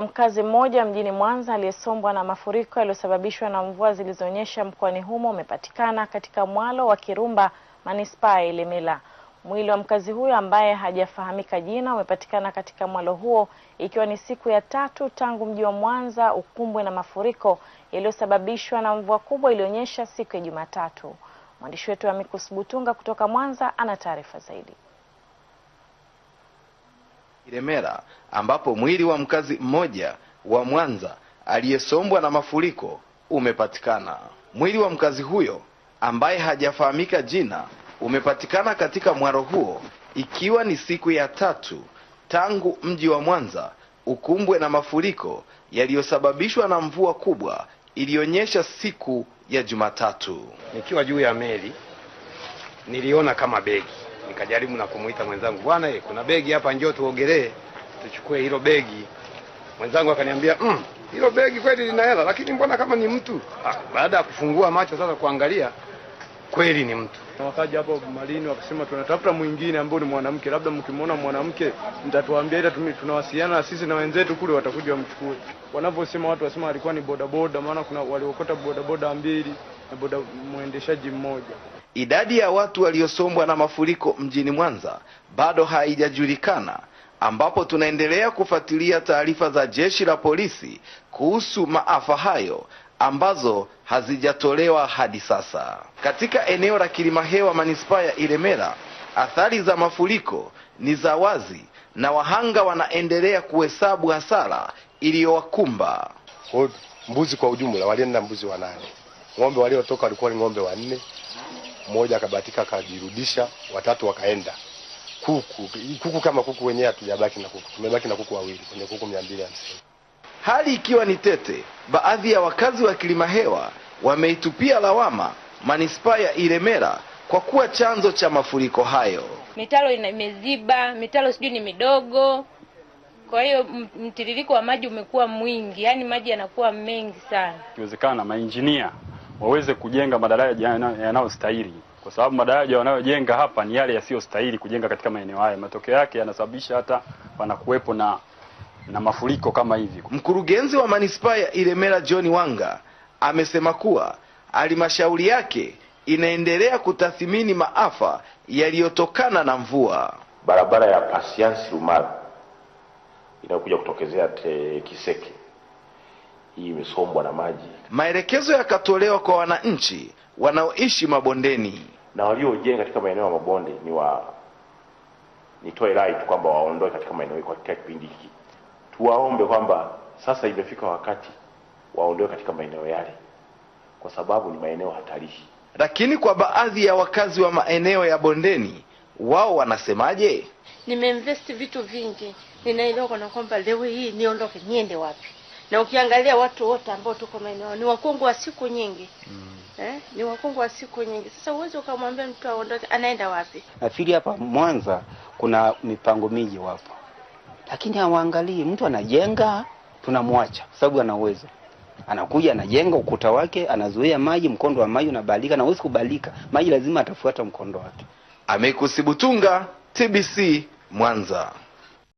Mkazi mmoja mjini Mwanza aliyesombwa na mafuriko yaliyosababishwa na mvua zilizonyesha mkoani humo umepatikana katika mwalo wa Kirumba manispaa ya Ilemela. Mwili wa mkazi huyo ambaye hajafahamika jina umepatikana katika mwalo huo ikiwa ni siku ya tatu tangu mji wa Mwanza ukumbwe na mafuriko yaliyosababishwa na mvua kubwa iliyonyesha siku ya Jumatatu. Mwandishi wetu Amikus Butunga kutoka Mwanza ana taarifa zaidi. Kiremera ambapo mwili wa mkazi mmoja wa Mwanza aliyesombwa na mafuriko umepatikana. Mwili wa mkazi huyo ambaye hajafahamika jina umepatikana katika mwaro huo, ikiwa ni siku ya tatu tangu mji wa Mwanza ukumbwe na mafuriko yaliyosababishwa na mvua kubwa iliyonyesha siku ya Jumatatu. Nikiwa juu ya meli niliona kama begi nikajaribu na kumuita mwenzangu, bwana, eh, kuna begi hapa, njoo tuogelee tuchukue hilo begi. Mwenzangu akaniambia mm, hilo begi kweli lina hela, lakini mbona kama ni mtu ha. Ah, baada ya kufungua macho sasa kuangalia, kweli ni mtu. Wakaja hapo malini wakasema, tunatafuta mwingine ambao ni mwanamke, labda mkimwona mwanamke mtatuambia, ila tunawasiliana na sisi na wenzetu kule, watakuja wamchukue. Wanavyosema watu wasema alikuwa ni bodaboda, maana kuna waliokota bodaboda mbili na boda mwendeshaji mmoja. Idadi ya watu waliosombwa na mafuriko mjini Mwanza bado haijajulikana, ambapo tunaendelea kufuatilia taarifa za jeshi la polisi kuhusu maafa hayo ambazo hazijatolewa hadi sasa. Katika eneo la Kilimahewa, manispaa ya Ilemela, athari za mafuriko ni za wazi na wahanga wanaendelea kuhesabu hasara iliyowakumba. Mbuzi kwa ujumla walienda mbuzi wanane, ng'ombe waliotoka walikuwa ni ng'ombe wanne, mmoja akabahatika akajirudisha, watatu wakaenda kuku. Kuku kama kuku wenyewe hatujabaki na kuku, tumebaki na kuku wawili kwenye kuku mia mbili hamsini. Hali ikiwa ni tete, baadhi ya wakazi wa kilima hewa wameitupia lawama manispaa ya Ilemela kwa kuwa chanzo cha mafuriko hayo. Mitaro imeziba, mitalo sijui ni midogo, kwa hiyo mtiririko wa maji umekuwa mwingi, yaani maji yanakuwa mengi sana. Ikiwezekana mainjinia waweze kujenga madaraja yanayostahili, kwa sababu madaraja wanayojenga hapa ni yale yasiyostahili kujenga katika maeneo haya. Matokeo yake yanasababisha hata panakuwepo na na mafuriko kama hivi. Mkurugenzi wa manispaa ya Ilemela John Wanga amesema kuwa halmashauri yake inaendelea kutathimini maafa yaliyotokana na mvua. Barabara ya Pasiansi Rumara inayokuja kutokezea Kiseke hii imesombwa na maji. Maelekezo yakatolewa kwa wananchi wanaoishi mabondeni na waliojenga katika maeneo ya mabonde. Ni wa nitoe rai tu kwamba waondoe katika maeneo katika kipindi hiki, tuwaombe kwamba sasa imefika wakati waondoe katika maeneo yale, kwa sababu ni maeneo hatarishi. Lakini kwa baadhi ya wakazi wa maeneo ya bondeni, wao wanasemaje? Nimeinvest vitu vingi, ninaelewa kana kwamba leo hii niondoke, niende wapi? na ukiangalia watu wote ambao tuko maeneo ni wakungu wa siku nyingi mm. Eh, ni wakungu wa siku nyingi. Sasa uwezi ukamwambia mtu aondoke, anaenda wapi? Nafikiri hapa Mwanza kuna mipango miji wapo, lakini hawaangalii. Mtu anajenga tunamwacha, sababu ana uwezo, anakuja anajenga ukuta wake, anazuia maji, mkondo wa maji unabadilika, na uwezi kubadilika, maji lazima atafuata mkondo wake. Amekusibutunga, TBC Mwanza.